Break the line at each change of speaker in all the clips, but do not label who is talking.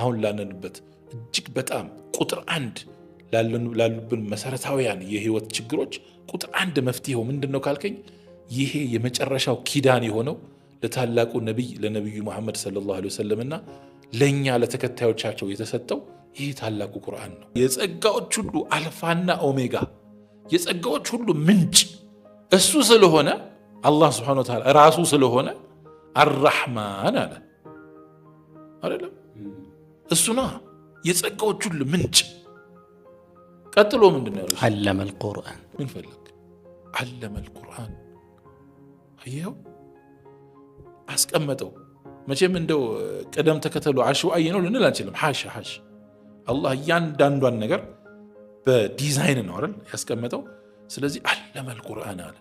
አሁን ላለንበት እጅግ በጣም ቁጥር አንድ ላሉብን መሰረታዊያን የህይወት ችግሮች ቁጥር አንድ መፍትሄው ምንድን ነው ካልከኝ ይሄ የመጨረሻው ኪዳን የሆነው ለታላቁ ነቢይ ለነቢዩ መሐመድ ሰለላሁ ዐለይሂ እና ለእኛ ለተከታዮቻቸው የተሰጠው ይህ ታላቁ ቁርአን ነው። የጸጋዎች ሁሉ አልፋና ኦሜጋ የጸጋዎች ሁሉ ምንጭ እሱ ስለሆነ አላህ ስብሐነ ወተዓላ ራሱ ስለሆነ አራሕማን አለ አይደለም እሱና የጸጋዎች ሁሉ ምንጭ። ቀጥሎ ምንድን ነው?
አለመል ቁርአን
ምን ፈለግ? አለመል ቁርአን አየኸው፣ አስቀመጠው። መቼም እንደው ቅደም ተከተሉ አሸዋዬ ነው ልንል አንችልም። ሓሽ ሓሽ አላህ እያንዳንዷን ነገር በዲዛይን ነው አይደል ያስቀመጠው። ስለዚህ አለመል ቁርአን አለ።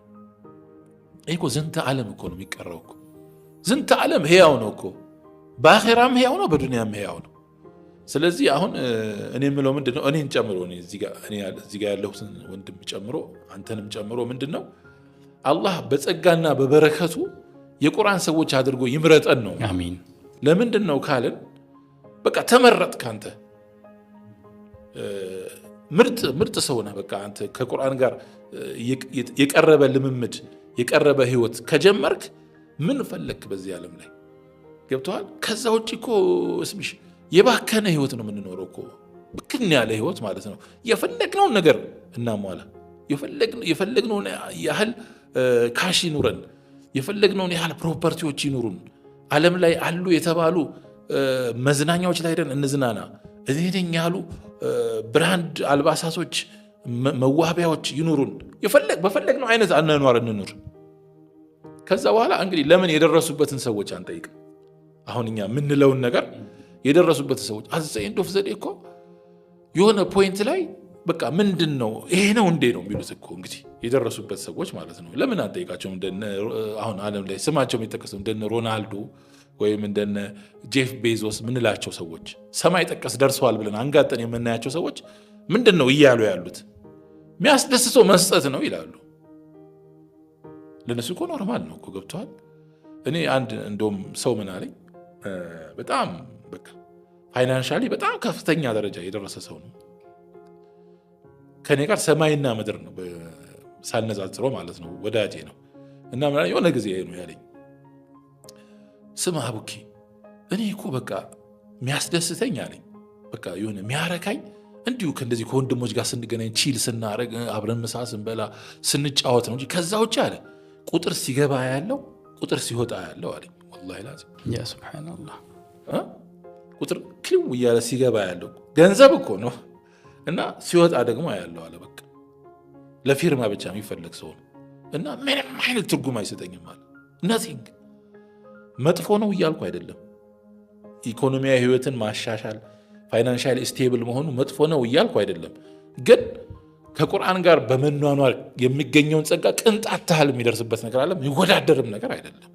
ይህ እኮ ዝንተ ዓለም እኮ ነው የሚቀረው እኮ ዝንተ ዓለም ህያው ነው እኮ በአኼራም ህያው ነው፣ በዱንያም ህያው ነው። ስለዚህ አሁን እኔ የምለው ምንድን ነው እኔን ጨምሮ እዚህ ጋ ያለሁትን ወንድም ጨምሮ አንተንም ጨምሮ ምንድን ነው አላህ በጸጋና በበረከቱ የቁርአን ሰዎች አድርጎ ይምረጠን ነው። አሚን። ለምንድን ነው ካልን በቃ ተመረጥ ካንተ ምርጥ ምርጥ ሰው ነህ። በቃ አንተ ከቁርአን ጋር የቀረበ ልምምድ የቀረበ ህይወት ከጀመርክ ምን ፈለግክ በዚህ ዓለም ላይ ገብተዋል። ከዛ ውጭ እኮ ስምሽ የባከነ ህይወት ነው የምንኖረው እኮ ብክን ያለ ህይወት ማለት ነው። የፈለግነውን ነገር እናሟላ፣ የፈለግነውን ያህል ካሽ ይኑረን፣ የፈለግነውን ያህል ፕሮፐርቲዎች ይኑሩን። ዓለም ላይ አሉ የተባሉ መዝናኛዎች ላይ ሄደን እንዝናና። እዚህ ያሉ ብራንድ አልባሳቶች፣ መዋቢያዎች ይኑሩን። በፈለግነው አይነት አኗኗር እንኑር። ከዛ በኋላ እንግዲህ ለምን የደረሱበትን ሰዎች አንጠይቅም። አሁን እኛ የምንለውን ነገር የደረሱበት ሰዎች አዘይንድ ኦፍ ዘዴ እኮ የሆነ ፖይንት ላይ በቃ ምንድን ነው ይሄ ነው እንዴ ነው የሚሉት እኮ እንግዲህ የደረሱበት ሰዎች ማለት ነው። ለምን አንጠይቃቸውም? አሁን ዓለም ላይ ስማቸው የሚጠቀሰው እንደነ ሮናልዶ ወይም እንደነ ጄፍ ቤዞስ ምንላቸው ሰዎች ሰማይ ጠቀስ ደርሰዋል ብለን አንጋጠን የምናያቸው ሰዎች ምንድን ነው እያሉ ያሉት? የሚያስደስተው መስጠት ነው ይላሉ። ለነሱ እኮ ኖርማል ነው እኮ ገብተዋል። እኔ አንድ እንደውም ሰው ምን አለኝ በጣም በቃ ፋይናንሻሊ በጣም ከፍተኛ ደረጃ የደረሰ ሰው ነው። ከኔ ጋር ሰማይና ምድር ነው ሳነጻጽሮ ማለት ነው። ወዳጄ ነው እና የሆነ ጊዜ ነው ያለኝ፣ ስም አቡኪ እኔ እኮ በቃ የሚያስደስተኝ አለኝ በቃ የሆነ የሚያረካኝ እንዲሁ ከእንደዚህ ከወንድሞች ጋር ስንገናኝ ቺል ስናረግ አብረን ምሳ ስንበላ ስንጫወት ነው እ ከዛ ውጭ አለ ቁጥር ሲገባ ያለው ቁጥር ሲወጣ ያለው አለኝ ወላሂ ላዚም
ያ ሱብሓነላህ
ቁጥር ክልው እያለ ሲገባ ያለው ገንዘብ እኮ ነው እና ሲወጣ ደግሞ ያለው አለ በቃ ለፊርማ ብቻ የሚፈለግ ሰው ነው እና ምንም አይነት ትርጉም አይሰጠኝም አለ። ነቲንግ መጥፎ ነው እያልኩ አይደለም። ኢኮኖሚያዊ ህይወትን ማሻሻል ፋይናንሻል ስቴብል መሆኑ መጥፎ ነው እያልኩ አይደለም። ግን ከቁርአን ጋር በመኗኗር የሚገኘውን ጸጋ ቅንጣት ታህል የሚደርስበት ነገር አለም ይወዳደርም ነገር አይደለም።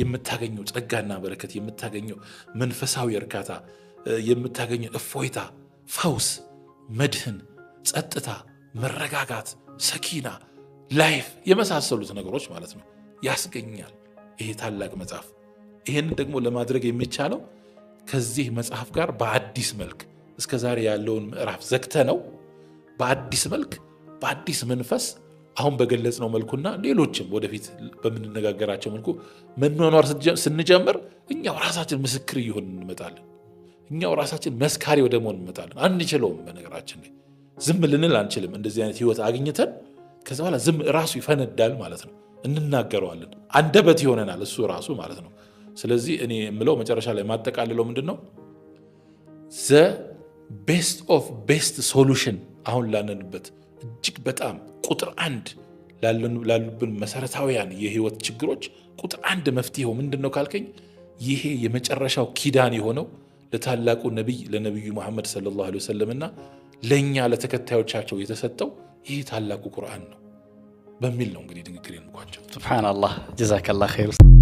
የምታገኘው ጸጋና በረከት የምታገኘው መንፈሳዊ እርካታ የምታገኘው እፎይታ፣ ፈውስ፣ መድህን፣ ጸጥታ፣ መረጋጋት፣ ሰኪና፣ ላይፍ የመሳሰሉት ነገሮች ማለት ነው ያስገኛል ይሄ ታላቅ መጽሐፍ። ይህንን ደግሞ ለማድረግ የሚቻለው ከዚህ መጽሐፍ ጋር በአዲስ መልክ እስከ ዛሬ ያለውን ምዕራፍ ዘግተ ነው በአዲስ መልክ በአዲስ መንፈስ አሁን በገለጽነው መልኩና ሌሎችም ወደፊት በምንነጋገራቸው መልኩ መኗኗር ስንጀምር እኛው ራሳችን ምስክር እየሆን እንመጣለን። እኛው ራሳችን መስካሪ ወደ መሆን እንመጣለን። አንችለውም። በነገራችን ላይ ዝም ልንል አንችልም። እንደዚህ አይነት ህይወት አግኝተን ከዚ በኋላ ዝም ራሱ ይፈነዳል ማለት ነው። እንናገረዋለን። አንደበት ይሆነናል እሱ ራሱ ማለት ነው። ስለዚህ እኔ የምለው መጨረሻ ላይ ማጠቃልለው ምንድን ነው ዘ ቤስት ኦፍ ቤስት ሶሉሽን አሁን ላነንበት እጅግ በጣም ቁጥር አንድ ላሉብን መሰረታዊያን የህይወት ችግሮች ቁጥር አንድ መፍትሄው ምንድን ነው ካልከኝ ይሄ የመጨረሻው ኪዳን የሆነው ለታላቁ ነቢይ ለነቢዩ መሐመድ ሰለላሁ ዐለይሂ እና ለእኛ ለተከታዮቻቸው የተሰጠው ይህ ታላቁ ቁርአን ነው በሚል ነው እንግዲህ ንግግር ንኳቸው።
ሱብሓነላህ ጀዛከላህ ኸይር።